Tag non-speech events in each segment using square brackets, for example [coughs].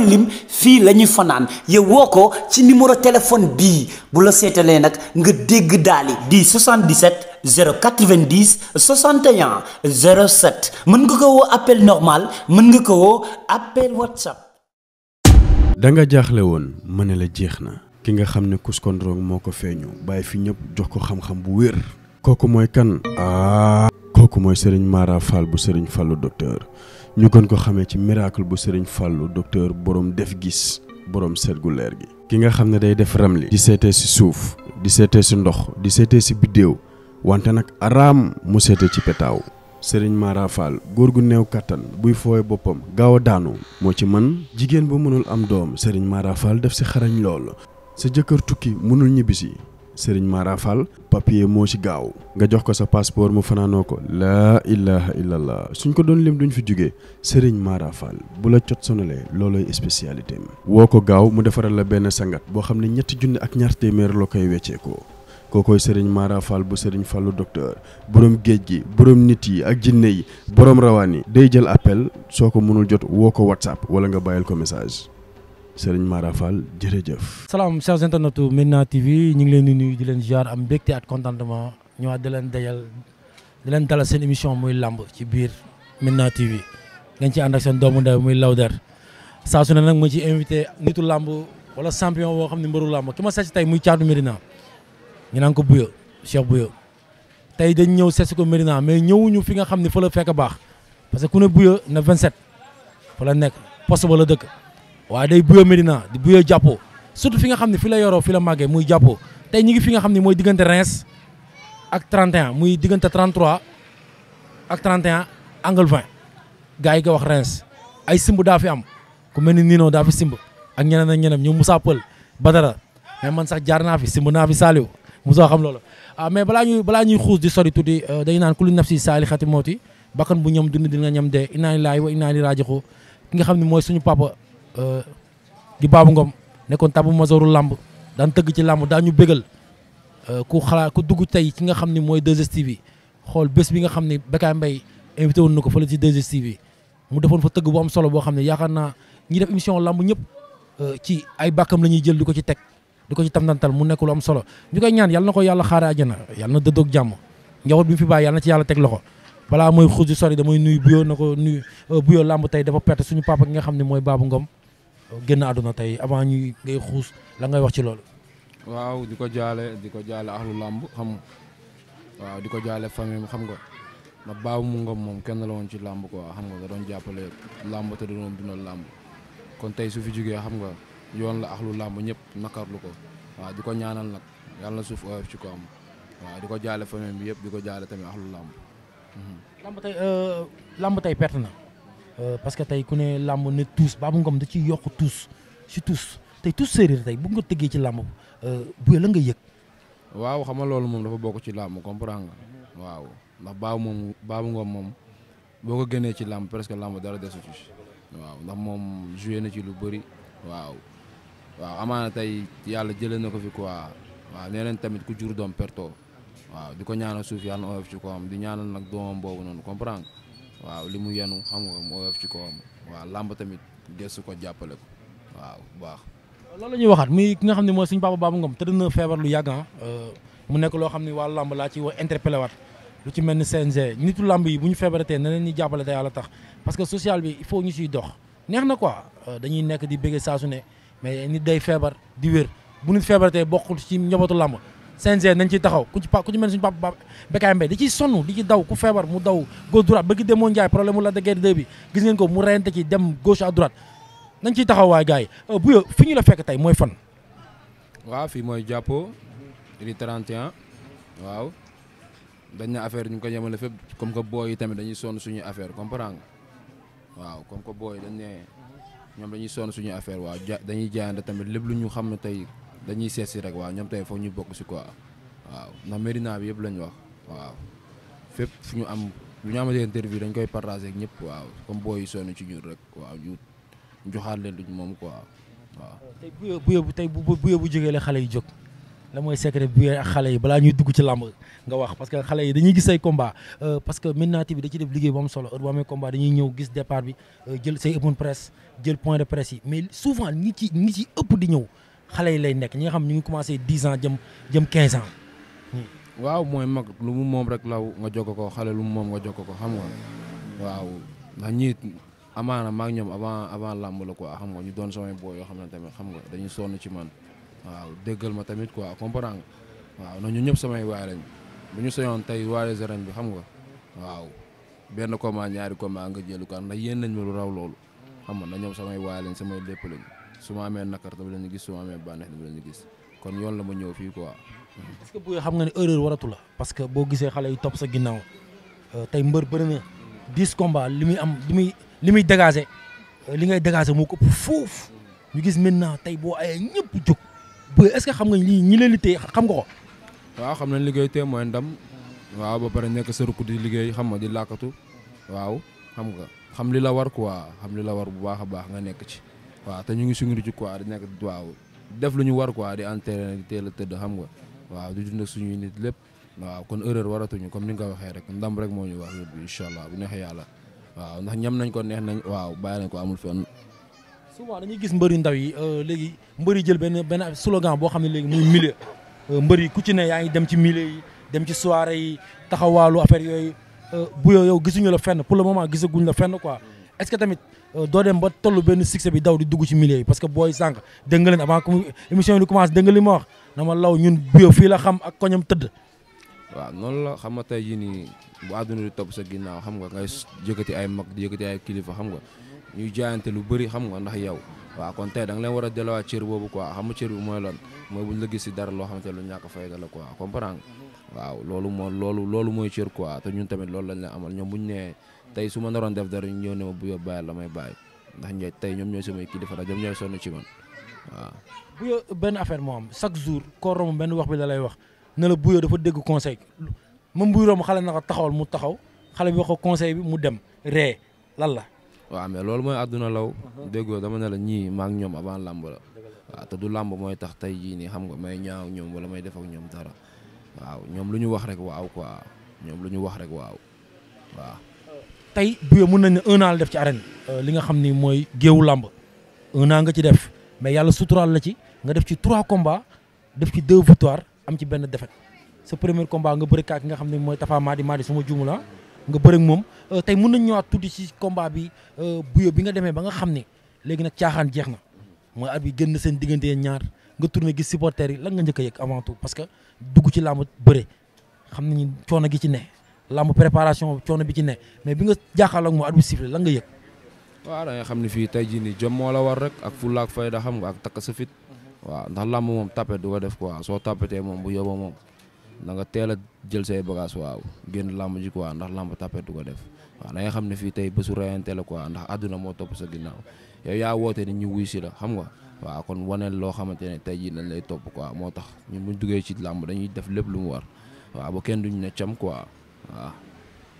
doon lim fii la ñuy fanaan yow woo ko ci numéro téléphone bii bu la seetalee nag nga dégg daali di 77 090 61 07 mën nga ko woo appel normal mën nga ko woo appel whatsapp da nga jaaxle woon ma ne la jeex na ki nga xam ne kuskondrong moo ko feeñu bàyyi fi ñëpp jox ko xam-xam bu wér kooku mooy kan ah kooku mooy sëriñ Mara Fall bu sëriñ Fallu ñu kon ko xamee ci miracle bu Serigne Fallou docteur borom def gis borom seet gu leer gi. ki nga xam ne day def ramli. di seete si suuf di seetee si ndox di seete si biddéew wante nag araam mu seetee ci petaaw. sëriñ Mara Fall góor gu néew kattan buy fooy boppam gaaw a daanu moo ci mën jigéen bu mënul am doom sëriñ Mara def si xarañ lool sa jëkkër tukki mënul ñibbisi sëriñ Mara Fall moo ci gaaw nga jox ko sa passeport mu fanaanoo ko laa ilaha illallah suñ ko doon lim duñ fi jógee sëriñ Mara bu la cot sonalee looloy spécialité mi woo ko gaaw mu defaral la benn sangat boo xam ne ñetti junni ak ñaar téeméer la koy wecceekoo kookoy sëriñ Mara bu sëriñ Fallu docteur borom géej gi borom nit yi ak jinne yi borom rawaan yi day jël appel soo ko mënul jot woo ko whatsapp wala nga bàyyil ko message Serigne Mara Fall jërëjëf. salaam chers internautes Médina TV ñu leen di nuyu di leen ziar am mbégte ak contentement ñoo di leen dajal di leen dalal seen émission muy làmb ci biir Médina TV ngeen ci ànd seen doomu ndaw muy Lawder saa su ne nag ma ci invité nitu làmb wala champion boo xam ne mbëru làmb ki ma seet si tey muy Thiatou Médina ñu naan ko Buya Cheikh Buya tey dañ ñëw seet ko Médina mais ñëwuñu fi nga xam ne fa la fekk baax parce que ku ne Buya na 27 fa la nekk poste ba la waaye day buyoo Medina di buyoo jàppoo surtout fi nga xam ne fi la yoro fi la màggee muy jàppo tey ñi ngi fi nga xam ne mooy diggante Reims ak 31 muy diggante 33 ak 31 angle 20 gars yi nga wax Reims ay simb daa fi am ku mel ni Nino daa fi simb ak ñeneen ak ñeneen ñoom Moussa Pël Badara mais man sax jaar naa fi simb naa fi Saliou Moussa xam loolu ah mais balaa ñuy balaa ñuy xuus di sori tuuti euh, dañu naan kullu nafsi saali xati mooti bakkan bu ñoom dund dina ñam dee inna lillahi wa inna ilayhi raaji'uun nga xam ne mooy suñu papa. Euh, di Babou Ngom nekkoon tabu mazoru làmb daan tëgg ci làmb daan ñu bégal euh, ku xalaat ku dugg tey ci nga xam ni mooy 2STV xool bés bi nga xam ni Bécaye Mbaye invité woon na ko fële ci 2STV yi defoon fa tëgg bu solo boo xam ne yaakaar naa ñi def ñëpp euh, ci ay bàkkam la ñuy jël di ko ci teg di ko ci tamtantal mu nekk lu am solo ñu ñaan yal na ko yàlla xaare àjjana yàlla na dëddoog jàmm njaboot bi mu fi bàyyi yàlla ci yàlla teg loxo balaa mooy xuus di sori damay nuyu buyoo na ko nuyu buyoo làmb tey dafa perte suñu papa gi nga xam ne mooy baabu Ngom génn àdduna tey avant ñuy ngay xuus la ngay wax ci loolu. waaw di ko jaale di ko jaale ahlu làmb xam waaw di ko jaale famille xam nga na baaw mu ngom moom kenn la woon ci làmb quoi xam nga da doon jàppale làmb te da doon dundal làmb kon tey su fi jógee xam nga yoon la axlu làmb ñëpp nakarlu ko waaw di ko ñaanal nag yàlla na suuf oyof ci ko am waaw di ko jaale famille bi yëpp di ko jaale tamit ahlu làmb. Mhm. làmb tey euh, làmb tey perte na. Euh, parce que tey ku ne làmb ne tuus Babou Ngom da ciy yokk tuus si tuus tey tuus séeréer tey bu nga tëggee ci làmb euh, bu la nga yëg. waaw xam nga loolu moom dafa bokk ci làmb comprendre nga waaw ndax Babou moom Babou Ngom moom boo ko génnee ci làmb presque làmb dara desu ci waaw ndax moom joué na ci lu bari waaw waaw amaana tey yàlla jëlee na ko fi quoi waaw nee leen tamit ku jur doom perto waaw di ko ñaanal suuf yàlla na oyof ci ko am di ñaana nag doomam boobu noonu comprendre waaw li mu yenu xam nga mu oyof ci kawam waaw làmb tamit gëstu ko jàppale ko waaw bu baax. loolu la ñuy waxaat muy ki nga xam ne mooy suñ papa Baba Ngom tëdd na feebar lu yàgg ah. mu nekk loo xam ni waa làmb laa ci wa interpellé waat lu ci mel ni CNG nitu làmb yi bu ñu feebaratee na leen ñu jàppale te yàlla tax parce que social bi il faut ñu siy dox neex na quoi euh, dañuy nekk di bëggee saa ne mais nit day feebar di wér bu nit feebaratee bokkul ci njabootu làmb CNG nañ ciy taxaw ku ci pa ku ci mel suñu papa Bécaye Mbaye di ciy sonn di ci daw ku feebar mu daw gauche droite ba gi demoo Ndiaye problème mu la de guerre 2 bi gis ngeen ko mu reyante ci dem gauche à droite nañ ciy taxaw waay gars yi euh, bu yo fi ñu la fekk tey mooy fan. waaw fii mooy jàppoo di 31 waaw dañ na affaire ñu ko yemale fépp comme que booy yi tamit dañuy sonn suñu affaire comprendre waaw comme ko booy dañ ne ñoom dañuy sonn suñu affaire waaw dañuy jaayante tamit lépp lu ñu xam ne tey. dañuy seet si rek waaw ñoom tey foog ñu bokk si quoi waaw ndax Médina bi yëpp lañ wax waaw fépp fu ñu am bu ñu amatee interview dañ koy partager ak ñëpp waaw comme booy sonn ci ñun rek waaw ñu joxaat leen luñ moom quoi waaw. tey bu bu bu tey bu bu bu jógee la xale yi jóg la mooy secret bu ak xale yi balaa ñuy dugg ci làmb nga wax parce que xale yi dañuy gis say combat euh, parce que Médina TV da ci def liggéey bu solo heure bu dañuy ñëw gis départ bi euh, jël say open presse jël point de presse yi mais souvent ñi ci ñi ci ëpp di ñëw. xale yi lay nekk ñi nga xam ñu ngi commencé dix ans jëm jëm quinze ans. waaw mooy mag lu mu moom rek law nga jokk ko xale lu mu moom nga jog ko xam nga waaw ndax ñii amaana ñoom avant avant làmb la quoi xam nga ñu doon samay boo yoo xam ne tamit xam nga dañuy sonn ci man waaw déggal ma tamit quoi comprendre nga waaw na ñu ñëpp samay waay lañ bu ñu soñoon tey waale gérén bi xam nga waaw benn combat ñaari combat nga jëlu kan ndax yéen nañ ma lu raw loolu xam nga na ñoom samay waay lañ samay lépp lañ su ma amee nakar dama leen di gis su ma amee bànneex dama leen gis kon yoon la ma ñëw fii ko est que bu xam nga ne erreur waratu la. parce que boo gisee xale yu topp sa ginnaaw euh, tey mbër bëri na dix combats li muy am li muy li muy dégager euh, li ngay dégager moo ko ëpp ñu gis maintenant tey boo ayee ñëpp jóg bu est-ce que xam nga lii ñi leen di téye xam nga ko. waaw xam nañ liggéey tey mooy ndam waaw ba pare nekk sa rukk di liggéey xam nga di làkkatu waaw xam nga xam li la war quoi xam li la war bu baax a baax nga nekk ci. waaw te ñu ngi suñu rucc quoi di waaw def lu ñu war quoi di entraîné teel a tëdd xam nga waaw di dund suñuy nit lépp waaw kon erreur waratuñu comme ni nga ko waxee rek ndam rek moo ñu wax lépp incha allah bu neexee yàlla waaw ndax ñam nañ ko neex nañ waaw bàyyi nañ ko amul fenn. souvent dañuy gis mbëri ndaw yi euh, léegi mbëri jël benn benn slogan boo xam ne léegi muy milieu euh, mbëri ku ci yaa ngi dem ci milieu yi dem ci soirée yi taxawaalu affaire yooyu euh, bu yow gisuñu la fenn pour le moment gisaguñ la fenn quoi. est-ce tamit euh, doo dem ba tollu benn succès bi daw di dugg ci milieu yi parce que booy sànq dégg nga leen avant émission yi di commencé dégg nga law ñun bio la xam ak koñam tëdd. waaw noonu la xam nga tey jii nii bu àdduna di topp sa ginnaaw xam nga ngay yëkkati ay mag di yëkkati ay kilifa xam nga ñuy jaayante lu bëri xam nga ndax yow. waaw kon tey da nga leen war a delluwaat cër boobu quoi xam nga cër bi mooy lan mooy buñ si dara loo xamante lu ñàkk fayda la quoi comprendre waaw loolu moo loolu loolu mooy cër quoi te ñun tamit loolu lañ leen amal ñoom buñ nee tey su ma naroon def dara ñëw ne ma bu yo bàyyi la may bàyyi ndax ñooy tey ñoom ñooy samay kilifa daal ñoom ñooy sonn ci man benn affaire moo am jour koo benn wax bi la lay wax ne la bu dafa dégg conseil même buy romb xale na taxawal mu taxaw xale bi wax bi mu dem ree lan la. waaw mais loolu mooy àdduna law. déggoo dama ne la ñii maak ñoom avant làmb la. waaw te du làmb mooy tax tey jii nii xam nga may ñaaw ñoom wala may def ak ñoom dara waaw ñoom lu ñu wax rek waaw quoi ñoom lu ñu wax rek waaw waaw. tey Bouye mun nañ ne un la def ci arène euh, li nga xam ni mooy géewu làmb un nga ci def mais yàlla suturaal la ci nga def ci trois combats def ci deux victoires am ci benn defet sa premier combat nga bëri kaa ki nga xam ne mooy Tafa Madi Madi suma juumula nga bëri moom euh, tey mun nañ ñëwaat tuuti ci combat bi euh, Bouye bi nga demee ba nga xam ni léegi nag caaxaan jeex na mooy at bi génn seen diggante ñaar nga tourné gis supporters yi lan nga njëkk a yëg parce que dugg ci làmb bëre xam nañu coono gi ci ne lamb préparation coono bi ci ne mais bi nga jàkkaarloog mu arbitre sifflé lan nga yëg. waaw da xam ne fii tey jii nii jom moo la war rek ak fulla ak fayda xam nga ak takk sa fit waaw ndax lamb moom tapet du ko def quoi soo tapetee moom bu yóbboo moom da nga teel a jël say bagage waaw génn lamb ji quoi ndax lamb tapet du ko def waaw da nga xam ne fii tey bésu rayante la quoi ndax àdduna moo topp sa ginnaaw yow yaa woote ni ñu wuy si la xam nga. waaw kon waneel loo xamante ne tey jii dañ lay topp quoi moo tax ñun buñ duggee ci làmb dañuy def lépp lu mu war waaw ba kenn duñ ne cam quoi waaw.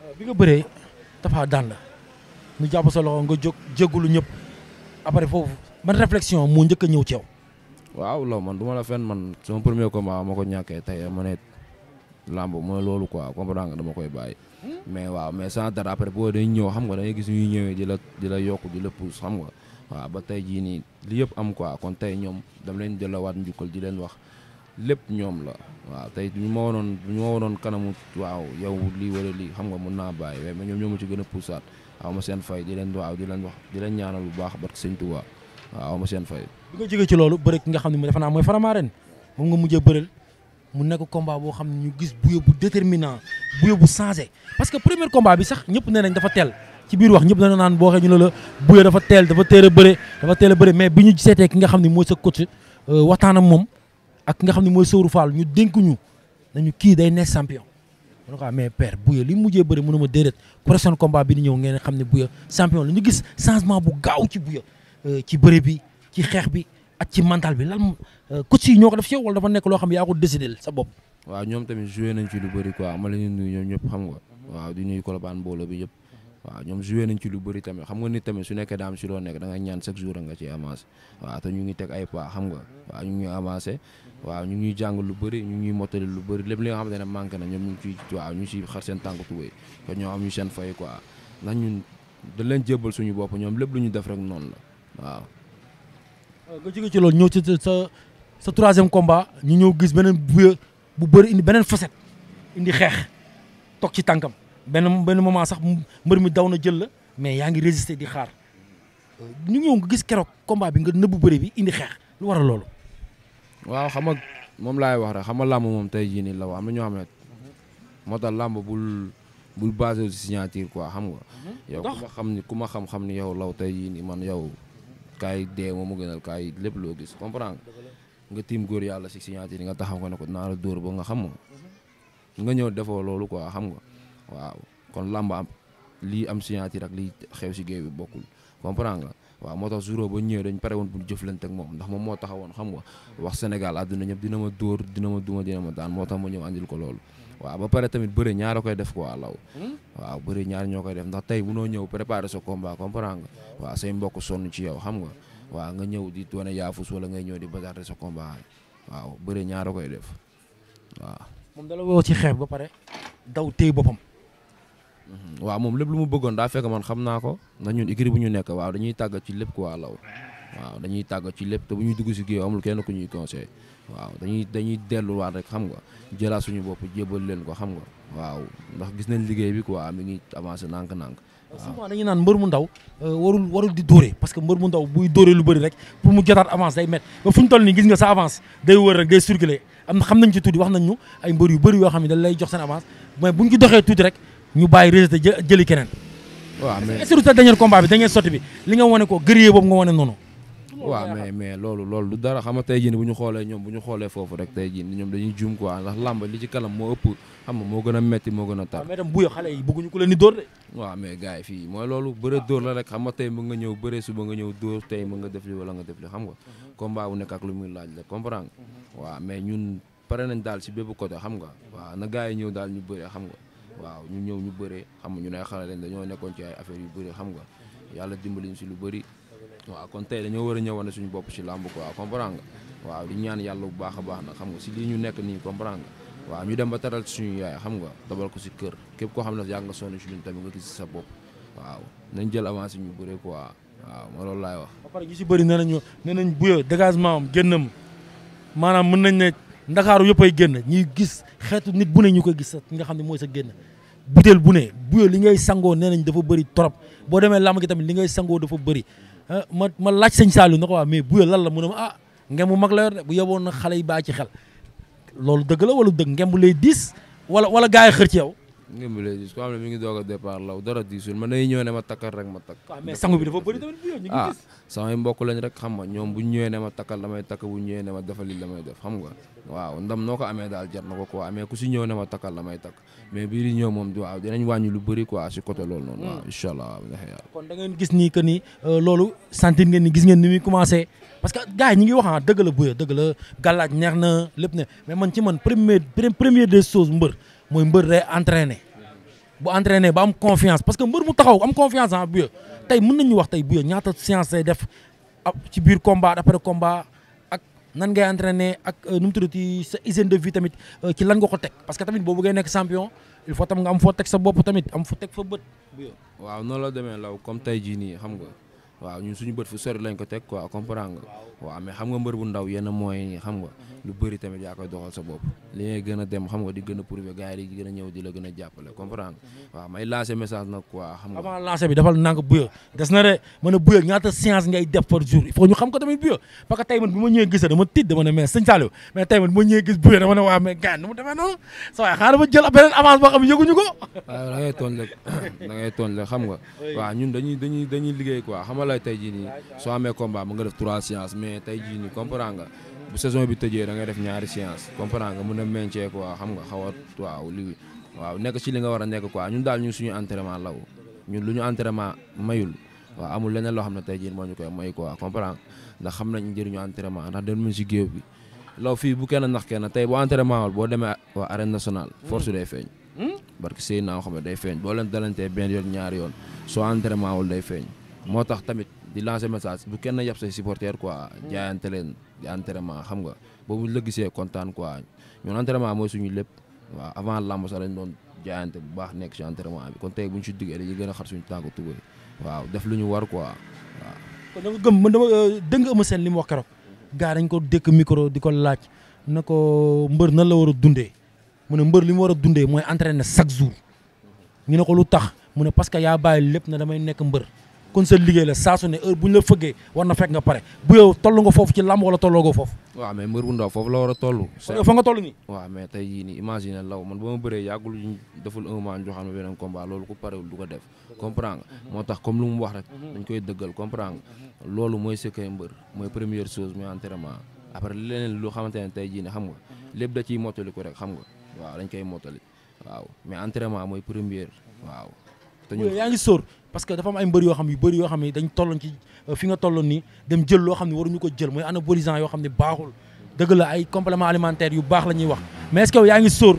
Euh, bi nga bëree dafa daan la ñu jàpp sa nga jóg jégalu ñëpp après foofu man réflexion mu njëkk ñëw ci waaw loolu man du ma la fenn man sama premier combat ma ko ñàkkee tey ma ne làmb mooy loolu ko quoi comprendre nga dama koy bàyyi. Hmm? mais waaw mais sans dara après boo day ñëw xam nga da ngay gis ñëwee di la di la yokk di la pousse xam nga waaw ba tey jii nii li yëpp am quoi kon tey ñoom dama leen jëlawaat njukkal di leen wax. lépp ñoom la waaw tey ñu ma waroon ñu ma waroon kanamu waaw yow lii wala lii xam nga mën naa bàyyi mais ñoom ñoo ma ci gën a puusaat aw ma seen fay di leen waaw di leen wax di leen ñaanal bu baax barke Sëñ Tuubaa waaw aw ma seen fay. bi nga jógee ci loolu bëri ki nga xam ne defe naa mooy faramaaren moom nga mujjee bëril mu nekk combat boo xam ne ñu gis buye bu déterminant buye bu changé parce que premier combat bi sax ñëpp nee nañ dafa teel ci biir wax ñëpp dañu naan boo xee ñu la la teel dafa teel bëre dafa teel a mais bi ñu seetee ki nga xam ne mooy sa coach euh, waxtaanam moom ak nga xam ne mooy Sowru Fall ñu dénk ñu nañu kii day nekk champion. ma ne mais père Bouye li mu mujjee bëri mënuma déedéet prochain combat bi ni ñëw ngeen xam ne Bouye champion la ñu gis changement bu gaaw ci Bouye euh, ci bëri bi ci xeex bi ak ci mental bi lan euh, coach yi ñoo ko def ci yow dafa nekk loo xam yaa ko décidé sa bopp. waaw ñoom tamit joué nañ ci lu bëri quoi ma la ñuy nuyu ñoom ñëpp xam nga. waaw di nuyu Colobane mbooloo bi yëpp. waaw ñoom joué nañ ci lu bëri tamit xam nga nit tamit su nekkee daam si loo nekk da nga ñaan chaque jour nga ciy avancé waaw te ñu ngi teg ay pas xam nga waaw ñu ngi avancé waaw ñu ngi jàng lu bari ñu ngi mottali lu bëri lépp li nga xamante ne manqué na ñoom ñu ngi ciy waaw ñu da leen jébbal suñu bopp ñoom lépp lu ñu def rek noonu la waaw. Euh, nga jóge ci loolu ñëw ci sa sa troisième combat ñu ñëw gis beneen bu bu bëri indi beneen facette indi xeex toog ci tànkam benn benn moment sax mbër mi daw na jël la mais yaa ngi résister di xaar euh, ñu ñëw nga gis keroog combat bi nga nëbbu bëri bi indi xeex lu war a loolu. waaw xam nga moom laay wax rek xam nga làmb moom tey jii nii la am na ñoo xam ne moo tax lamb bul bul basé wu si signature quoi xam nga. Mhm. yow ku xam ni ku ma xam-xam ni yow law te jii nii man yow kaay dee moom mu gënal kaay lépp loo gis comprendre nga tiim góor yàlla si signature nga taxaw ko ne ko naa la dóor ba nga xam nga mhm. ñëw defoo loolu quoi xam nga. waaw kon lamb am lii am signature ak lii xew si géew bi bokkul comprendre nga waaw moo tax Zoro ba ñëwee dañ pare woon pour jëflante ak moom ndax moom moo taxaw taxawoon xam nga wax Sénégal àdduna ñëpp dina ma dóor dina ma duma dina ma daan moo tax ma ñëw andil ko loolu waaw ba pare tamit bëre ñaar koy def quoi law hmm? waaw bëre ñaar ñoo koy def ndax tey bu noo ñëw préparer sa combat comprendre nga waaw mbokk sonn ci yow xam nga waaw nga ñëw di wane yaafus wala ngay ñëw di basaate sa combat waaw bëre ñaar a koy def waaw moom dala woo ci xeex ba pare daw téy boppam waaw moom lépp lu mu bëggoon daa fekk man xam naa ko ndax ñun écurie bu ñu nekk waaw dañuy tàggat ci lépp quoi law waaw dañuy tàggat ci lépp te bu ñuy dugg si géew waaw dañuy jëlaat suñu bopp jébal leen ko xam nga waaw ndax gis nañ liggéey bi quoi mi ngi avancé nànk-nànk souvent dañuy naan mbër mu ndaw euh, warul di dóore parce que mbër mu ndaw buy dóore lu bëri rek pour mu jotaat avance day met ba fu ñu toll nii gis nga sa avance day wër day circuler xam nañ ci tuuti wax nañ ay mbër yu bëri yoo xam ne dañ lay avance mais buñ ci ñu bàyyi rejeté jëli keneen. waaw mais surtout sa dernier combat bi dernier sotti li nga wane ko gërëyee boobu nga wane noonu. waaw mais mais loolu loolu du dara xam nga tey jii bu ñu xoolee ñoom bu ñu xoolee foofu rek tey jii ñoom dañuy juum quoi ndax làmb li ci kanam moo ëpp xam nga moo gën a metti moo gën a tar ah, mais tam buyo xale yi bëgguñu ku leen di dóor de waaw mais gars yi fii mooy loolu bëre dóor la rek xam nga tey mën nga ñëw bëre suba nga ñëw dóor tey mën nga def li wala nga def li xam nga mhm. combat bu nekk ak lu mu laaj la comprendre nga mhm. waaw mais ñun pare nañ daal si bépp côté xam nga waaw na gars yi ñëw daal ñu bëre xam nga waaw ñu ñëw ñu bëree xam nga ñu ne xale lañ dañoo nekkoon ci ay affaire yu bëri xam nga mhm. yàlla dimbali ñu si lu bëri waaw kon tey dañoo war a ñëwoon suñu bopp si làmb ko comprendre nga waaw di ñaan yàlla bu baax a baax nag xam nga si lii ñu nekk nii comprendre nga waaw ñu dem ba taral suñu yaay xam nga dabal ko si kër képp koo xam ne yaa nga sonn si luñ tamit nga gis si sa bopp waaw nañ jël avancé ñu bëri ko waaw ma loolu laay wax. ba pare ñu si bëri nee nañu nee nañ buyo dégagement am maanaam mën nañ ne ndakaaru yëpp ay génn ñuy gis xeetu nit bu ne ñu ko gis nga xam ne mooy sa génn butéel bu ne bu li ngay sangoo nee nañ dafa bëri trop boo demee làmb gi tamit li ngay sangoo dafa bëri ah, ma ma sañ sëñ Saliou na ko waa mais bu lan la mu ne ma ah ngemu mag la yor de bu yeboon na xale yi baa ci xel loolu dëgg la wala dëgg ngemu lay diis wala wala gaa yi xër ci yow. ngemu lay diis ku am ne a départ law ma takkal rek ma takk. waaw sango bi dafa bëri tamit bu yow ñu samay mbokk lañ rek xam nga ñoom bu ñëwee ne ma takkal damay takk bu ñëwee ne ma defali may def xam nga waaw ndam noo ko amee daal jar na ko quoi amee ku si ñëw ne ma takkal damay takk mais bii di ñëw moom waaw dinañ wàññi bëri quoi si côté loolu noonu. waaw incha allah. kon da ngeen gis ni que ni euh, loolu sentir ngeen ni gis ngeen ni muy commencé parce que gars yi ñu ngi wax ah dëgg la buya dëgg la gàllaaj neex na lépp ne mais man ci man premier première des choses mbër mooy mbër day entraîné bu entraîné ba am confiance parce que mbër mu taxaw am confiance ah tey mën nañu wax tey bu ñaata séance say def ah, ci biir combat après combat ak nan ngay entraîner ak euh, nu mu tuddati sa hygiène de vie tamit euh, ci lan nga ko teg parce que tamit boo bëggee nekk champion il faut tam nga am foo teg sa bopp tamit am foo teg fa bët. waaw noonu la demee law comme tey jii nii xam nga. waaw ñun suñu bët fu sori lañ ko teg quoi comprendre nga waaw xam nga mbër bu ndaw yenn moyens yi xam nga mhm. lu bëri tamit yaa koy doxal sa bopp li gën a dem xam nga di gën a prouver a la gën waa mais gars nu mu demee noonu sa waay xaaral jël beneen avance boo xam ne yëguñu ko waaw da ngay toon rek [coughs] da ngay xam nga waaw ñun dañuy dañuy dañuy xoolee tey jii nii soo amee combat mu nga def trois séances mais tey jii nii comprendre nga bu saison bi tëjee da ngay def ñaari séances comprendre nga mën a meñcee quoi xam nga xaw a waaw li waaw nekk ci li nga war a nekk quoi ñun daal ñu suñu entraînement law lu ñu entraînement mayul waaw amul leneen loo xam ne tey jii moo ñu koy may quoi comprendre ndax xam nañ njëriñu entraînement ndax dem nañ si géew fii bu kenn nax kenn tey boo entraînement wal boo demee waa arène nationale hmm. force day feeñ parce que sëy naa xam day feeñ boo leen dalantee benn yoon ñaari yoon soo entraînement wul day feeñ moo tax tamit di lancer message bu kenn yab say supporter quoi. jaayante leen di entraînement xam nga boobu la gisee kontaan quoi ñun entraînement mooy suñu lépp waaw avant làmb sax lañ doon jaayante bu baax nekk si entraînement bi kon tey bu ñu si duggee dañuy gën a xar suñu tànku tubay waaw def lu ñu war quoi waaw. kon da nga gëm man dama euh, nga Eumeu Sène li mu wax keroog. gaa dañ ko dëkk micro di ko laaj na ko mbër nan la war a dundee mu ne mbër li mu war a dundee mooy entraîner chaque jour ñu ne ko lu tax mu ne parce que yaa bàyyi lépp na damay nekk mbër. kon sa liggéey la saa su ne heure bu ñu la fëggee war na fekk nga pare bu yow toll nga foofu ci làmb wala tolloo ko foofu waaw mais mbër bu ndaw foofu la war a toll fa nga toll ne beneen combat loolu ku parewul du ko def comprendre nga moo tax comme lu mu wax rek dañ koy dëggal comprendre loolu mooy secret mbër mooy première chose mooy entraînement après leneen lu xamante ne tey xam nga lépp da ciy mottali ko rek xam nga waaw dañ koy mottali waaw mais entraînement mooy première waaw yaa ngi sóor parce que dafa am ay mbër yoo xam yu bëri yoo xam ne dañ tolloon ci euh, fi nga tolloon ni dem jël loo xam ne waruñu ko jël mooy anabolisant yoo xam ne baaxul dëgg la ay complément alimentaire yu baax la ñuy wax mais est-ce que yaa ngi sóor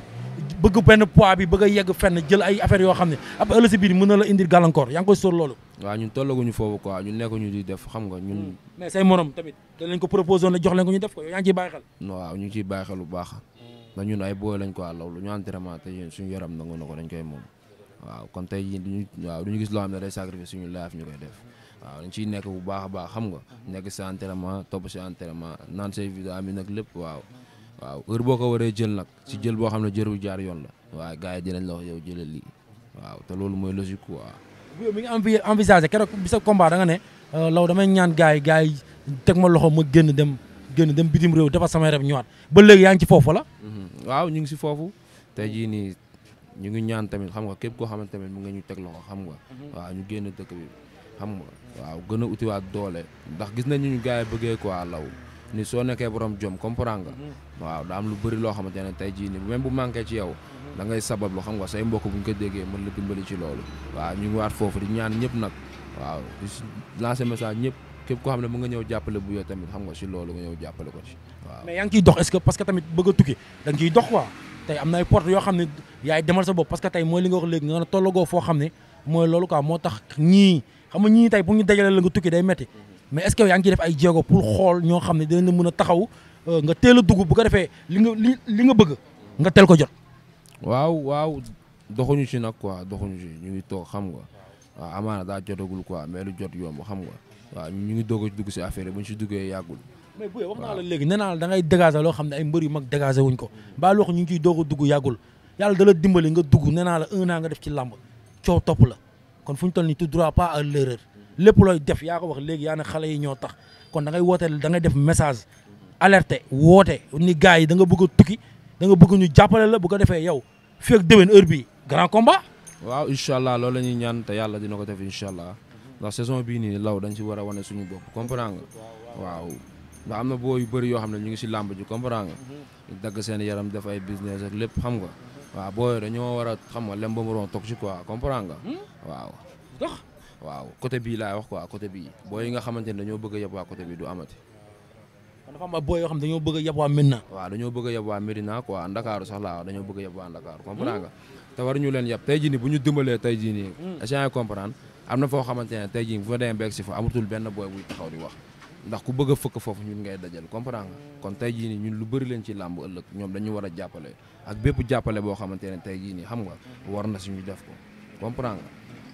bëgg benn poids bi bëgg yegg fenn jël ay affaires yoo xam ne ab ëllëg la indil gàllankoor yaa ngi koy sóor loolu waaw ñun tollaguñu foofu quoi ñun nekkuñu di def xam nga ñun hmm. mais say morom tamit da lañ ko proposé woon la jox leen ko ñu def ko yaa ngi ñu ngi ciy baax ndax hmm. ñun ay booy lañ quoi loolu ñu entraînement te suñu yaram nangu na ko dañ koy moom waaw kon tey jii duñu waaw duñu gis loo xam ne day sacrifice suñu laaf ñu koy def waaw dañ ciy nekk bu baax baax xam nga nekk si entraînement topp si entraînement naan say vitamine ak lépp waaw waaw heure boo ko waree jël nag si jël boo xam ne jëru jaar yoon la waaw gars yi dinañ la wax yow jëlal lii waaw mooy logique quoi. bu mi ngi envisagé keroog bi sa combat da nga ne euh, law damay ñaan gars yi gars yi teg ma loxo ma génn dem génn dem bitim réew defar samay ref ñëwaat ba léegi yaa ngi ci foofu la. Mhm. waaw ñu ngi si foofu tey jii nii ñu ngi ñaan tamit xam nga képp koo xamante tamit mu nga ñu teg loxo xam nga. Mhm. waaw ñu génn dëkk bi xam nga waaw gën a utiwaat doole ndax gis nañu ñu gars yi bëggee quoi law ni soo nekkee boroom jom comprendre nga. Mhm. waaw daa am lu bari loo xamante ne tey jii nii même bu manqué ci yow. Mhm. da ngay sabab lu xam nga say mbokk bu ñu ko déggee mën la dimbali ci loolu. waaw ñu ngi waat foofu di ñaan ñëpp nag waaw di lancer message ñëpp képp koo xam ne mu nga ñëw jàppale bu yow tamit xam nga si loolu nga ñëw jàppale ko ci waaw. mais yaa a tukki da tey am na ay port yoo xam ne yaay demal sa bopp parce que tey mooy li nga wax léegi nga ne foo xam ne mooy loolu quoi moo tax xam nga ñii tey pour ñu dajale la nga tukki day metti mais est-ce que ay jéego pour xool ñoo xam ne dinañ la mën a taxaw euh, nga teel a bu ko defee li nga li li nga bëgg nga teel ko jot. waaw waaw doxuñu ci nag quoi doxuñu ci ñu ngi toog xam nga waaw daa jotagul quoi mais lu jot yomb xam nga waaw ñu ngi doog a dugg si affaire yi bu ñu si duggee yàggul mais bu wax naa la léegi nee la da loo xam ne ay mbër yu mag dégager wuñ ko baa loo xam ñu ngi a dugg yàggul yàlla dimbali nga dugg nee naa la un an nga def ci làmb coow topp la kon fu ñu toll nii tout droit pas à l'erreur lépp looy def yaa ko wax léegi yaa ne xale yi ñoo tax kon da ngay woote da ngay def message alerte woote ni gars yi da nga bëgg a tukki da nga bëgg ñu jàppale la bu ko defee yow feeg déwén heure bi grand combat waaw incha allah loolu la ñuy ñaan te yàlla dina ko def incha allah ndax saison bii nii law dañ si war a wane suñu bopp comprendre nga waaw ndax am na boo yu bëri yoo xam ne ñu ngi si lamb ji comprendre nga mhm. dagg seen yaram def ay business ak lépp xam nga waaw booy dañoo war a xam nga lem ba mu toog ci quoi comprendre nga hmm? waaw dox waaw bii laay wax quoi côté bii booy yi nga xamante ne dañoo bëgg a yeb waa côté bii du amati dafa am booy yoo xam dañoo bëgg a yeb waa Médina waaw dañoo bëgg a yeb waa Médina Ndakaaru sax laa dañoo bëgg a yeb waa Ndakaaru comprendre hmm? nga te war ñu leen yeb tey jii nii bu ñu dimbalee tey ni nii hmm. comprendre am na foo xamante ne tey jii bu fa si fa amatul benn booy buy taxaw di wax ndax ku bëgg a fëkk foofu ñun ngay dajal comprendre nga kon tey jii nii ñun lu bari leen ci làmb ëllëg ñoom dañu war a jàppale ak bépp jàppale boo xamante ne tey jii nii xam nga war na ñu def ko comprendre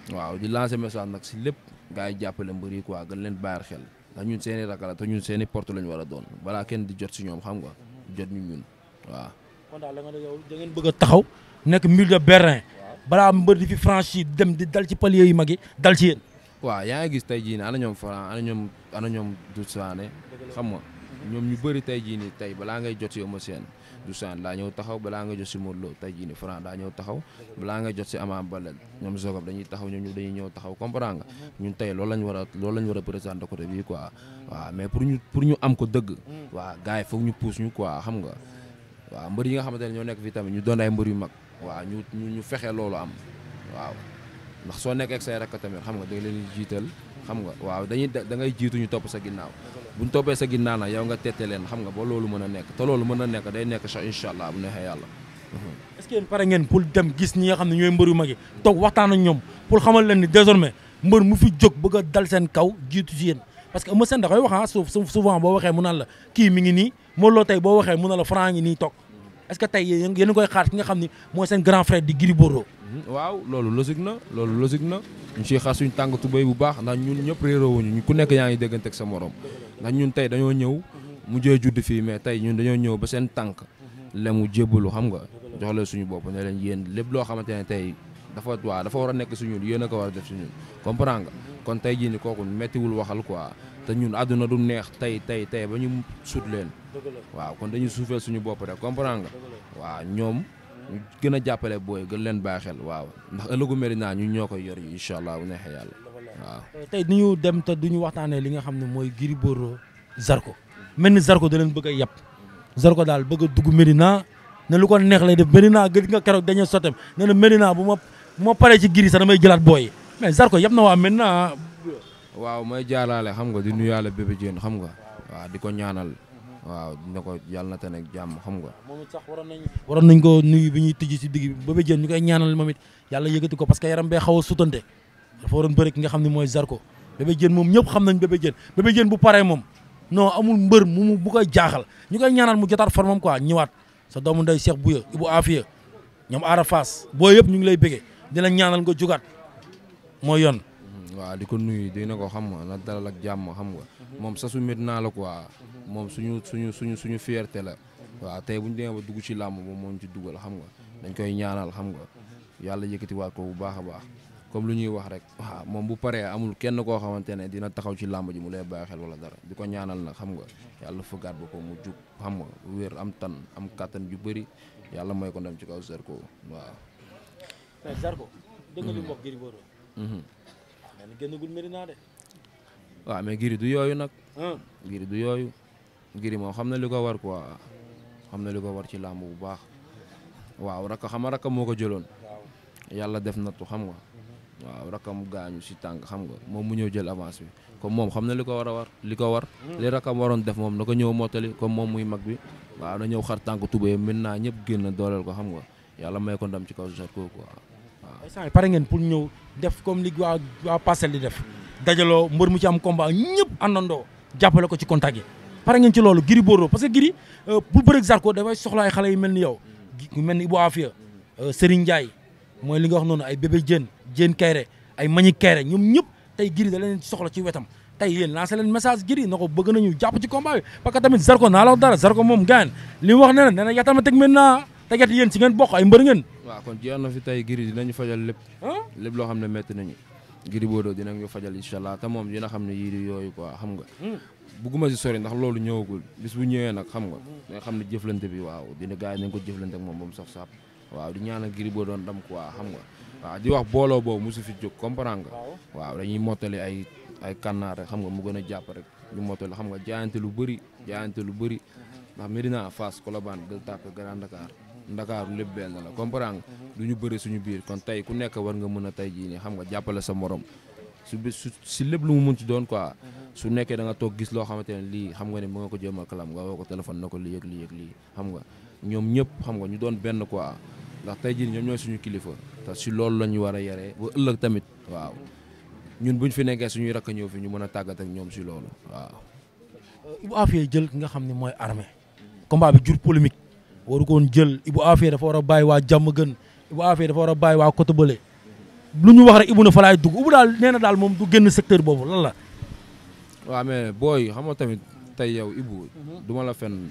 nga waaw di lancer message nag si lépp gars yi jàppale mbër yi quoi gan leen bàyyar xel ndax ñun seen i rakala seen i porte la ñu war a doon balaa kenn di jot si ñoom xam nga jot ñu ñun waaw kon daal bëgg a taxaw nekk mille de Berlin balaa mbër di fi franchi dem di dal ci palier yu mag yi dal ci yéen waaw yaa ngi gis tey jii nii ana ñoom Franc ana ñoom ana ñoom Doudou Sané xam nga ñoom ñu bari tey jii nii tey balaa ngay jot si Eumeu seen Doudou Sané daa ñëw taxaw balaa ngay jot si Modou Lo tey jii nii Franc daa ñëw taxaw balaa ngay jot si Ama Baldé ñoom Zogob dañuy taxaw ñoom ñu dañuy ñëw taxaw comprendre nga ñun tey loolu lañ war a loolu lañ war a présenté côté bii quoi waaw mais pour ñu pour ñu am ko dëgg waaw gars yi foog ñu pousse ñu quoi xam nga waaw mbër yi nga xamante ne ñoo nekk fii tamit ñu doon ay mbër yu mag waaw ñu ñu fexe loolu am waaw ndax soo nekk ak say rakk tamit xam nga da leen di jiital xam nga waaw dañuy da jiitu ñu topp sa ginnaaw buñ toppee sa ginnaaw nag yow nga tette leen xam nga ba loolu mën a nekk te loolu mën a nekk day nekk sax incha bu neexee yàlla mhm. est-ce pare ngeen pour dem gis ñi nga xam ne ñooy mbër yu mag yi toog waxtaan a ñoom pour xamal leen ni désormais mbër mu fi jóg bëgg dal seen kaw jiitu ci yéen parce que Eumeu Sène da koy wax ah suuf souvent boo waxee mu a la kii mi ngi nii moo loo tey boo waxee mu a la Franc ngi nii toog est-ce que tey yéen xaar ki nga xam ni mooy seen grand frère di Gris waaw loolu logique na loolu logique na ñu siy xar suñu tàng tubéy bu baax ndax ñun ñëpp réeroowuñu ku nekk yaa ngi déggante ak sa morom ndax ñun tey dañoo ñëw mujjee jee judd fii mais tey ñun dañoo ñëw ba seen tànk lemu jébbalu xam nga jox leen suñu bopp ne leen yéen lépp loo xamante ne tey dafa waaw dafa war a nekk suñu yéen a ko war a def suñu comprendre nga kon tey jii ni kooku méttiwul waxal quoi te ñun àdduna du neex tey tey tey ba ñu sut leen waaw kon dañuy suufeel suñu bopp rek comprendre nga ñoom gën a jàppale booy gën leen baaxel waaw ndax ëllëgu Médina ñu ñoo koy yor yi incha allah bu neexee yàlla waaw. tey du ñu dem te du ñu waxtaanee li nga xam ne mooy Gris Bordeaux Zarko mel ni Zarko da leen bëgg a yab Zarko daal bëgg dugu dugg na na lu ko neex lay def Médina gën nga keroog dañuy sotem ne na Médina bu ma bu ma paree ci Gris sax damay jëlaat booy mais Zarko yab na waa Médina waaw may jaalaale xam nga di nuyaale bébé Diène xam nga waaw di ko ñaanal waaw ne ko yàlla na te nag jàmm xam nga. moom it sax waroon nañ waroon nañ ko nuyu bi ñuy tijji si digg bi ba ba jën ñu koy ñaanal moom it yàlla yëkkati ko parce que yaram bee xaw a sutante dafa waroon bëri ki nga xam ne mooy Zarko ko jën moom ñëpp xam nañ bébé jën bébé jën bu paree moom non amul mbër mu mu bu koy jaaxal ñu koy ñaanal mu jotaat formam quoi ñëwaat sa doomu ndey Cheikh Bouya Ibou Afia ñoom Aara Fass boo yëpp ñu ngi lay bëggee di la ñaanal nga jugaat mooy yoon. Mm-hmm. waaw di ko nuyu dina ko xam nga na dalal ak jàmm xam nga moom sasu naa la ko quoi moom suñu suñu suñu suñu fierté la waaw tey bu ñu demee ba dugg ci làmb moom moo ci dugal xam nga dañ koy ñaanal xam nga yàlla yëkkatiwaat ko bu baax a baax comme lu ñuy wax rek waaw moom bu paree amul kenn koo xamante ne dina taxaw ci làmb ji mu lay baaxeel xel wala dara di ko ñaanal nag xam nga yàlla fëggaat ba ko mu jug xam nga wér am tan am kàttan ju bëri yàlla mooy ko ndam ci kaw Zarko waaw. waaw mais giri du yooyu nag. Hmm. giri du yooyu. giri moom xam na li ko war quoi xam na li ko war ci làmb bu baax waaw rakk xam na rakk moo ko jëloon. yàlla def nattu xam nga. waaw rakam gaañu si tànk xam nga moom mu ñëw jël avance bi comme moom xam na li ko war a war li ko war. Hmm. li rakam waroon def moom na ko ñëw mottali comme moom muy mag bi waaw na ñëw xar tànk tubéyam maintenant ñëpp génn dooleel ko xam nga yàlla may ko ndam ci kaw Zarko quoi waaw. pare ngeen pour ñëw def comme li waa dajaloo mbër mu ci am combat ñëpp àndandoo jàppale ko ci contact yi pare ngeen ci loolu Gris Bordeaux parce que Gris euh, bu bëreeg Zarko dafay soxla ay xale yu mel ni yow yu mel ni Ibou Afia euh, Serigne Ndiaye mooy li nga wax noonu ay bébé jën jën kayre ay mañi kayre ñoom ñëpp tey Gris da ci wetam tey yéen lancé leen message Gris na ko bëgg nañu jàpp ci combat bi parce que tamit Zarko naa la wax dara Zarko moom gaan li mu wax ne na nee na yatama teg maintenant tegat si ngeen bokk ay mbër ngeen waaw kon lépp lépp loo xam ne métti nañu Gris Bordeaux dinañ ñu fajal incha allah te moom dina xam ne yii di yooyu quoi xam nga. Hmm. bugguma si sori ndax loolu ñëwagul bis bu ñëwee nag xam nga. dina xam ne jëflante bi waaw dina gars yi nañ ko jëflante ak moom ba mu sax saab waaw di ñaanal Gris Bordeaux doon dam quoi xam nga. waaw di wax booloo boobu mosu fi jóg comprendre nga. waaw dañuy mottali ay ay kannaar rek xam nga mu gën a jàpp rek ñu mottali xam nga jaayante lu bëri jaayante lu bëri hmm. ndax Medina Fass Colobane Gueule Tapée Grand Dakar ndakaaru lépp benn la comprendre nga mhm. du ñu bëri suñu biir kon tey ku nekk war nga mën a tey jii nii xam nga jàppale sa morom su su si lépp lu mu mun ci doon quoi mhm. su nekkee da nga toog gis loo xamante ne lii xam nga ne mu ko jéem a kalam nga woo téléphone na ko lii ak lii ak lii xam nga ñoom ñëpp xam nga ñu doon benn quoi ndax tey jii ñoom ñooy suñu kilifa te si loolu la ñu war a yaree ba ëllëg tamit waaw ñun buñ fi nekkee suñuy rakk ñëw fi ñu mën a tàggat ak ñoom si loolu waaw. Ibou Afia jël nga xam ne mooy armée combat bi jur polémique waru koon jël Ibou Afia dafa war a bàyyi waa jàmm gën Ibou Afia a bàyyi waa côté bële lu ñu wax rek Ibou na fa daal nee na daal moom du génn secteur boobu lan la. booy xam nga tamit tey yow Ibou mhm. du ma la fen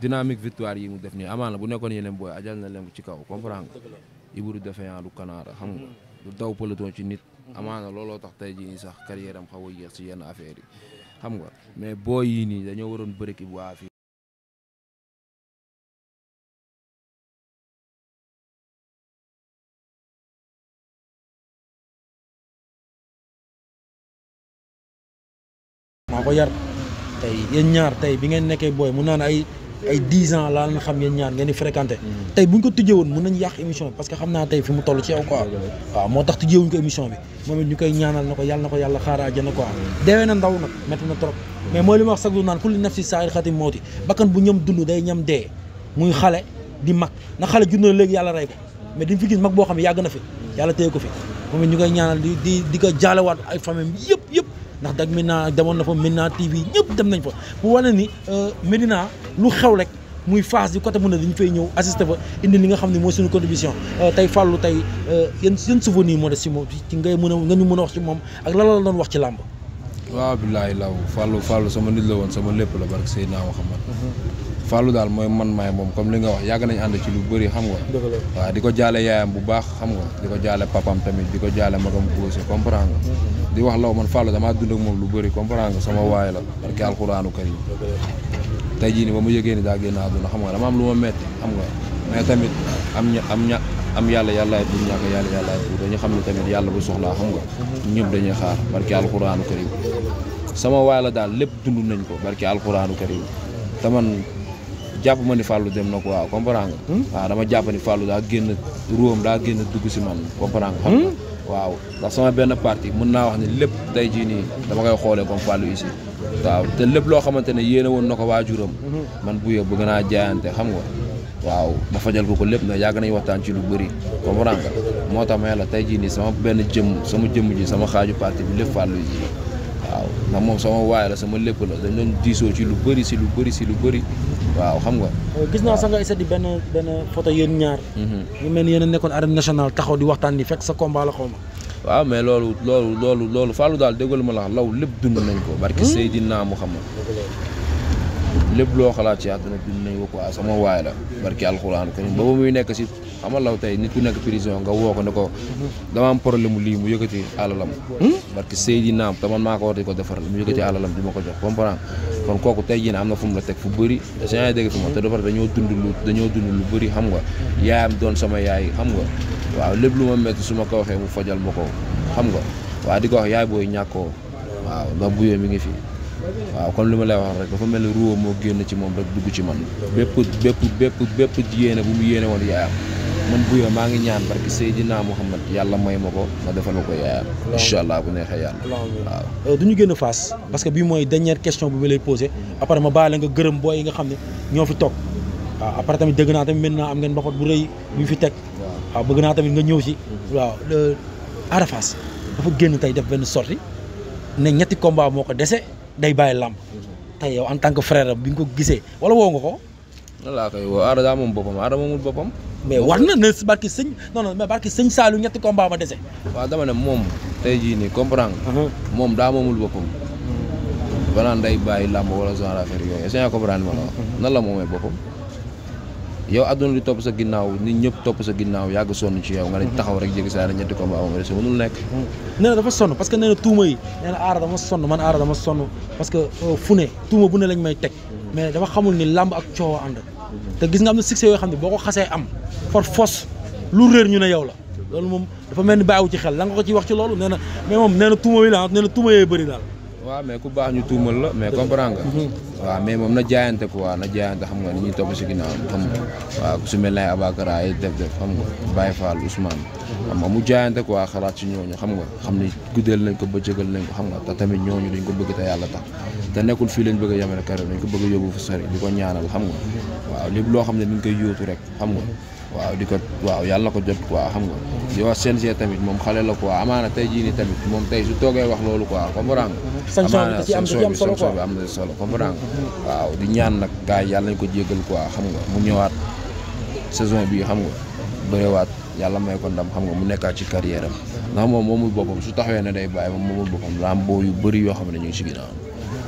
dynamique victoire yi mu def nii amaana bu nekkoon yeneen booy ajal na leen ci kaw comprendre nga Ibou du defeyaan du kanaara xam nga mhm. du daw ci nit. Mhm. amaana looloo tax tey jii nii sax carrière xaw a si yenn affaire yi xam nga mais booy yii nii dañoo waroon bëri Ibou Afia ko yar tey yéen ñaar tey bi ngeen nekkee booy mun naa ay ay laa leen xam yéen ñaar ngeen di fréquenté mm. tey bu ko tijjee woon mun nañ yàq émission bi parce que xam naa tey fi mu toll ci yow quoi waaw moo tax tijjee wuñ ko émission bi moom it ñu koy ñaanal na ko yàlla na ko yàlla xaara àjjana quoi mm. deewee na ndaw nag métti na trop mais mooy li ma wax sax du naan kulli nafsi saa'ir xatim mawti bakkan bu ñam dund day ñam dee muy xale di mag na xale ndax dag Médina demoon na fa Médina TV ñëpp dem nañ fa bu wane ni euh, Médina lu xew rek muy phase du côté mën na ñu fay ñëw assister fa indi li nga xam ne mooy suñu contribution euh, tey Fallou tey euh, yan yan souvenir moo des si moom ci ngay mën a nga ñu mën a wax ci moom ak lan la doon wax ci làmb. waaw bilaay law Fallou Fallou sama nit la woon sama lépp la barke Seydina Muhammad mhm. Fallou daal mooy man maay moom comme li nga wax yàgg nañu ànd ci lu bëri xam nga. waaw di ko jaale yaayam bu baax xam nga di ko jaale papam tamit di ko jaale magam Bousse comprendre nga. di wax law man Fallou damaa dund ak moom lu bëri comprendre nga sama waay la parce que alxuraanu karim tey jii nii ba mu yëgee ni daa génn àdduna xam nga am lu ma metti xam mais tamit am ña am ña am yàlla yàllaay bu ñàkk yàlla yàllaay bu dañu xam ne tamit yàlla bu soxlaa xam nga mhm. ñëpp dañuy xaar barki alxuraanu karim sama waay la daal lépp dund nañ ko barki alxuraanu karim te man jàpp ma ni Fallou dem na quoi comprendre nga. Hmm? waaw dama jàpp ni Fallou daa génn ruwam daa génn dugg si man comprendre nga. xam hmm? waaw sama benn partie mën naa wax ni lépp tey jii nii dama koy xoolee comme Fallou ici. waaw te lépp loo xamante ne yéene woon na ko waajuram. Hmm. man bu yóbbu bëgg naa jaayante xam nga. waaw ma fajal ko ko lépp nag yàgg nañu waxtaan ci lu bëri comprendre moo tax ma la tey jii nii sama benn jëmm sama jëmm ji sama xaaju partie bi lépp Fallou yi waaw ndax moom sama waay la sama lépp la dañ doon diisoo ci lu bari si lu bëri si lu bëri. waaw xam nga. Oh, gis naa sax nga gisati benn benn photo yéen ñaar. Mhm. ñu mel ni yéen nekkoon arène nationale taxaw di waxtaan di fekk sa combat la xaw waaw mais loolu loolu loolu loolu Fallou daal déglu ma la law lépp dund nañ ko. naa hmm? Seydina Muhammad lépp loo xalaat ci àdduna bind nañ ko quoi sama waay la barki alxuraan ko ba ba muy nekk si xamal law tey nit ku nekk prison nga woo ko ne ko dama am problème mu lii mu yëkkati alalam hmm? barki Seydi naam te man maa ko war di ko defaral mu yëkkati alalam di ma ko jox comprendre kon kooku tey jii ne am na fu mu la teg fu bëri seen dégg fi dañoo dund lu dañoo dund lu bëri xam nga yaayam doon sama yaay xam nga waaw lépp lu ma métti su ma ko waxee mu fajal ma ko xam nga waaw di ko wax yaay booy ñàkkoo waaw ndax buyoo mi ngi fi waaw kon li ma lay wax rek dafa mel ni ruwa moo génn ci moom rek dugg ci man bépp bépp bépp bépp yéene bu mu yéene woon yaayam man bu maa ngi ñaan barki Seydina Muhammad yàlla may ma ko ma defal ko yaayam incha allah bu neexee yàlla waaw euh, du ñu génn faas parce que bii mooy dernière question bu ma lay posé après ma baale nga gërëm booy yi nga xam ne ñoo fi toog waaw après tamit dëgg naa tamit maintenant am ngeen mbapat bu rëy bu fi teg waaw bëgg naa tamit nga ñëw si mhm. waaw euh, Ada Fass dafa génn tey def benn sortie ne ñetti combat moo ko dese day bàyyi làmb tey yow en tant que frère bi nga ko gisee wala woo nga ko. nan laa koy woo Ada daa moom boppam Ada moomul boppam. mais war na ne barki sëñ non non mais barki Saalu ñetti komba ma dese. waaw dama ne moom tey jii nii uh-huh. moom daa moomul boppam. banaan hmm. day bàyyi lamb wala genre affaire yooyu est a que comprendre ma la uh-huh. nan la yow àdduna di topp sa ginnaaw nit ñëpp topp sa ginnaaw yàgg sonn ci yow nga ne taxaw rek jégi saa ñetti combat am nga mënul nekk nee na dafa sonn parce que nee na tuuma yi nee aara dama sonn man aara dama sonn parce que euh, tuuma bu ne lañ may teg mais dafa xamul ni làmb ak coow ànd te gis nga am na succès yoo xam ne boo ko xasee am far fos lu réer ñu ne yow la loolu moom dafa mel ni bàyyiwu ci xel la nga ko ciy wax ci loolu nee na mais na tuuma yi la nee bëri daal waaw mais ku baax ñu tuumal la mais comprendre nga. Mhm. waaw mais moom na jaayante waa na jaayante xam nga ni ñuy topp si ginnaaw xam nga waaw su mel ne Abakara ay def def xam nga Baye Fall Ousmane. xam nga mu jaayante quoi xalaat si ñooñu xam nga xam ni guddeel nañ ko bëccëgal nañ ko xam nga te tamit ñooñu dañ ko bëgg te yàlla tax te nekkul fii lañ bëgg a yemale carrière dañ ko bëgg a yóbbu fu sori di ko ñaanal xam nga waa lépp loo xam ne dañ koy yóotu rek xam nga waaw di ko waaw yàlla ko jot quoi xam nga di wax CNG tamit moom xale la quoi amaana tey jii nii tamit moom tey su toogee wax loolu quoi comprendre nga amaana sanction bi sanction bi am na solo comprendre nga waaw di ñaan nag gars yi yàlla nañ ko jéggal quoi xam nga mu ñëwaat saison bi xam nga bërewaat yàlla may ko ndam xam nga mu nekkaat ci carrière am ndax moom moomul boppam su taxawee ne day bàyyi moom moomul boppam am boo yu bëri yoo xam ne ñu ngi si ginnaaw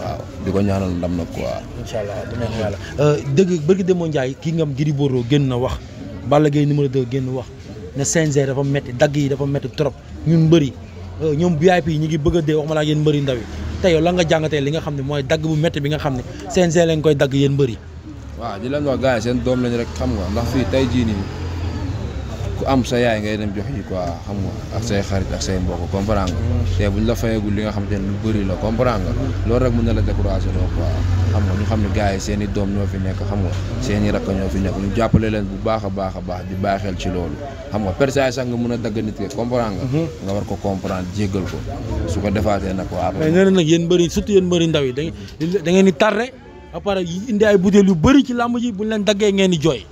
waaw di ko ñaanal ndam nag ko incha allah euh, dëgg bëgg demoo Ndiaye kii ngam Gris Bordeaux génn na wax Balla Gaye numéro 2 génn wax ne CNG dafa metti dagg yi dafa metti trop ñun mbëri euh, ñoom VIP yi ñu ngi bëgg a dee wax ma laa yéen mbëri ndaw yi te yow la nga jàngatee li nga xam ne mooy dagg bu metti bi nga xam ne CNG lañ koy dagg yéen mbëri waaw di leen wax gars yi seen doom lañ rek xam nga ndax fii tey jii nii ku am sa yaay ngay dem jox yi quoi xam nga ak say xarit ak say mbokk comprendre nga mm. te buñ la fayagul li nga xamante ne lu bëri la comprendre nga mm. loolu rek mën na la découragé loo quoi xam nga ñu xam ne gars yi seeni doom ñoo fi nekk xam nga seen i rakk ñoo fi nekk ñu jàppale leen bu baax a baax a baax di bàyyi xel ci loolu xam nga persaay sax nga mën a dagg nit ki comprendre nga mhm. nga war ko comprendre jéggal ko su ko defaatee nag waa mais nee na nag yéen mbëri surtout yéen mbëri ndaw yi da ngeen di tarre à part indi ay butéel yu bëri ci làmb ji buñ leen daggee ngeen di jooy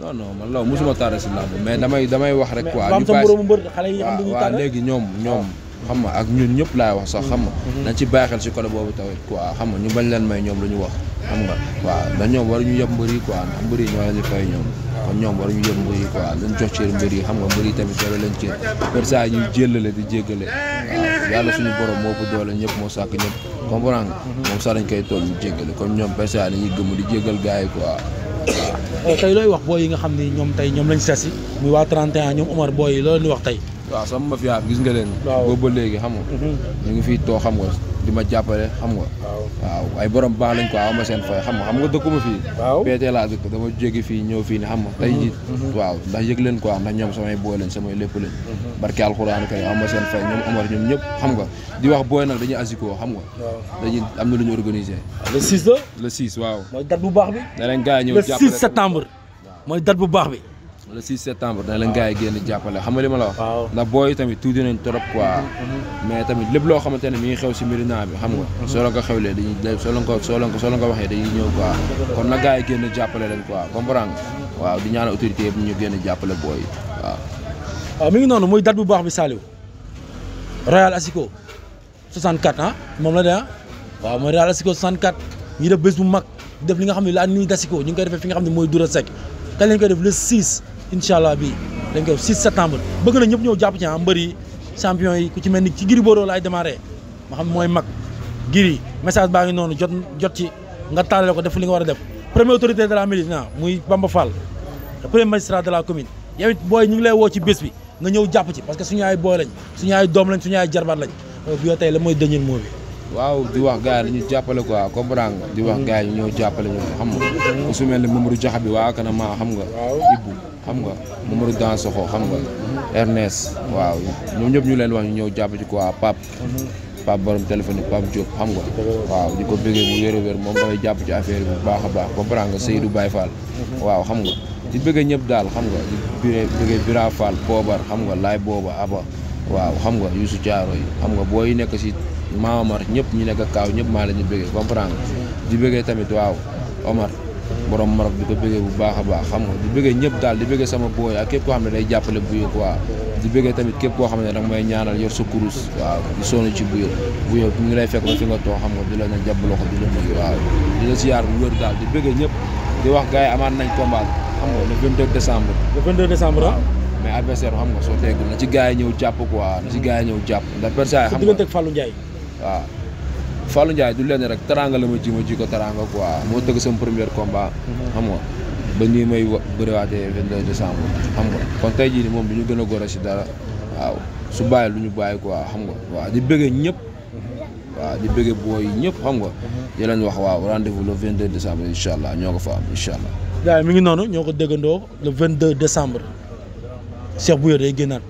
non non man loolu mosuma tardé si làmb mais damay damay wax rek quoi ñu bàyyi waaw léegi ñoom ah. xam nga ak ñun ñëpp laay wax sax xam nga mm-hmm. nañ ci bàyyi xel si côté boobu tamit quoi xam nga ñu bañ leen may ñoom lu ñu wax xam nga waaw ndax ñoom waruñu yëpp mbër yi quoi ndax mbër yi ñoo leen di fay ñoom kon ñoom waruñu yëpp mbër yi quoi lañ jox cër mbër yi xam nga mbër yi tamit doole leen cër pour ça ñuy jëllale di jéggale waaw yàlla suñu borom moo ko doole ñëpp moo sàkk ñëpp comprendre nga mm-hmm. moom sax dañ koy toll ñu jéggale kon ñoom pour ça dañuy gëm di jéggal gars yi quoi waaw eh, tey looy wax booy yi nga xam ni ñoom tey ñoom lañ sesi muy waa 31 ñoom Omar booy yi loolu wax tey waaw sama mafia gis nga leen. waaw ba léegi xam nga. Mhm. ñu ngi fi too xam nga di ma jàppale xam nga. waaw ay borom baax lañ ko am seen fay xam nga xam nga dëkkuma fii. waaw peete laa dëkk dama jéggi fii ñëw fii ni xam nga. tey jii mhm. Mhm. waaw ndax yëg leen quoi ndax ñoom samay booy leen samay lépp leen. barke alxuraan kay am seen fay ñoom Omar ñoom ñëpp xam nga di wax booy nag dañuy asikoo xam nga. dañuy am na lu ñu organisé. Ah, le 6 la. le 6 waaw. mooy date bu baax bi. ne leen gars yi ñëw jàppale le mooy date bu baax bi. le 6 septembre dana leen gars yi génn jàppale xam nga li ma la wax ndax booy tamit tuuti nañ trop quoi mais tamit lépp loo xamante ne mi ngi xew si Médina bi xam nga soo leen ko xewlee dañuy soo leen ko soo leen soo leen ko waxee kon na gars yi jàppale leen quoi comprendre nga waaw di ñaan génn jàppale booy waaw waaw mi ngi noonu muy date bu baax bi Saliou Royal Asico 64 ah moom la de ah waaw mooy Royal Asico 64 ñu def bés bu mag def li xam ne la nuit d'Asico ñu ngi koy defee fi nga xam ne mooy Dura Seck kañ lañ koy le 6 incha allah bi dañ koy 6 septembre bëgg na ñëpp ñëw jàpp ci ah mbër yi champion yi ku ci mel ni ci Gris Bordeaux laay démarré ma xam mooy mag Gris message baa ngi noonu jot jot ci nga taalale ko def li nga war a def premier autorité de la Médina ah, muy Bamba Fall premier magistrat de la commune yow booy ñu ngi lay woo ci bés bi nga ñëw jàpp ci parce que suñu ay booy lañ suñu ay doom lañ suñu ay jarbaat lañ oh, bu yoo tey la mooy dernier mot bi waaw di wax gars yi dañu jàppale quoi comprendre nga di wax gars yi ñoo jàppale ñoom xam nga ku su ni ne Mamadou Diakha bi waa Kanama xam nga Ibou xam nga Mamadou Dansokho xam nga Ernest waaw ñoom ñëpp ñu leen wax ñu ñëw jàpp ci quoi Pape Pape borom téléphone Pape Diop xam nga waaw di ko bëggee bu wér wér moom mooy jàpp ci affaire bi bu baax a baax comprendre nga Seydou Baye Fall waaw xam nga di bëgg ñëpp daal xam nga di bëggee Bira Fall Poobar xam nga Laay Booba Aba waaw xam nga Youssou Thiaro yi xam booy nekk si ma Omar ñëpp ñu nekk kaaw ñëpp maa la ñu bëggee comprendre di bëggee tamit waaw Omar borom Maroc di ko bëggee bu baax a xam nga di bëggee ñëpp daal di bëggee sama booy ak képp koo xam ne day jàppale buyo quoi di képp koo xam ne danga may ñaanal yor sa kurus waaw di sonn ci buyo buyo ñu ngi lay fekk ba fi nga xam nga di la na jàpp loxo di la nuyu waaw di la ñëpp di wax gars yi amaat nañ combat xam nga le 22 décembre le 22 décembre ah? waaw mais adversaire na ci gars yi ñëw jàpp quoi na ci gars yi ñëw jàpp ndax persa xam nga waaw Fallou Ndiaye du lenn rek teraanga la ma ji ma ji ko teraanga quoi moo tëgg sama premier combat. Mhm. xam nga ba nii may bëriwaatee 22 décembre xam nga kon tey jii nii moom du ñu gën a góor si dara waaw su bàyyi lu ñu bàyyi quoi xam nga waaw di bëggee ñëpp. waaw di bëggee booy yi ñëpp xam nga di mhm. leen wax waaw rendez-vous le 22 décembre incha allah ñoo ko fa am incha allah. gars yi mi ngi noonu ñoo ko déggandoo le 22 décembre Cheikh Bouye day génnaat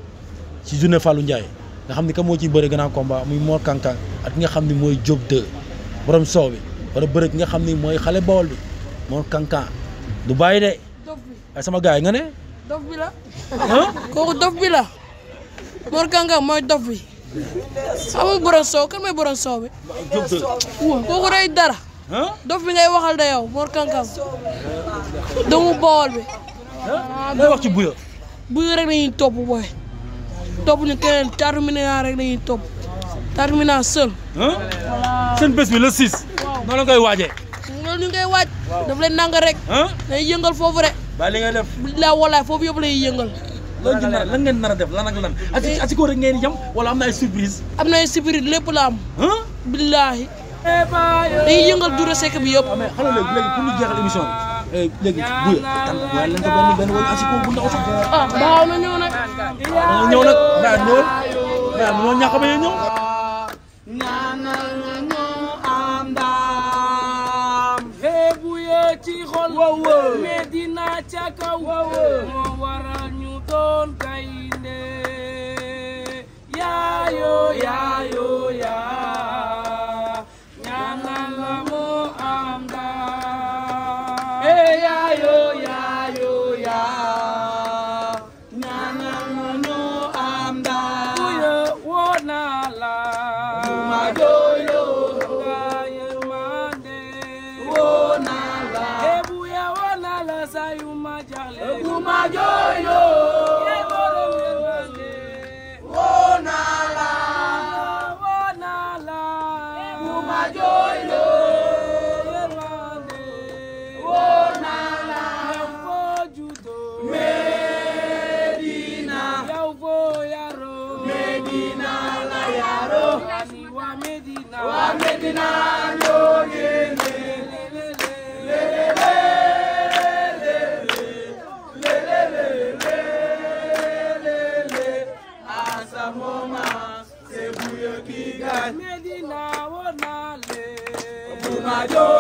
ci journée Fallou Ndiaye. nga xam ni ka moo ciy bëri gana combat muy Mor Kankan ak nga xam ni mooy Diop 2 borom soow bi wala bëri ki nga xam ni mooy xale Bawol bi Mor Kankan du bàyyi de. ay sama gars yi nga ne. dof bi kooku dof bi la Mor Kankan mooy dof bi xam nga borom soow kan mooy borom soow bi. Diop 2 kooku dara. dof bi ngay waxal da yow Mor Kankan doomu Bawol bi. ah wax ci buya buya rek la topp booy. topp ñu keneen terminal rek lañuy topp terminal seul. seen bés bi le 6. waaw noonu la koy waajee. noonu la ñu koy leen nang rek. day yëngal foofu rek. ba li nga la walaay foofu yëpp lay yëngal. loolu ci lan ngeen nar a def la ak lan. as as ko rek ngeen yam wala am na ay surprise. am na ay surprise lépp la am. billaahi. dañuy yëngal duro sekk bi yëpp. Ah, mais xanaa léegi léegi pour ñu jeexal émission bi eh, léegi bu yee. waaye lan nga benn benn wala as bu ndaw sax. ah baax na ñëw na. ñoo ñëw ñaanal ñu am ndam. xeebu yee ci xol. wowee Medina ca kaw. wowee moo waral ñu doon gaynde. yaayoo yaayoo yaayoo. I know. àjò.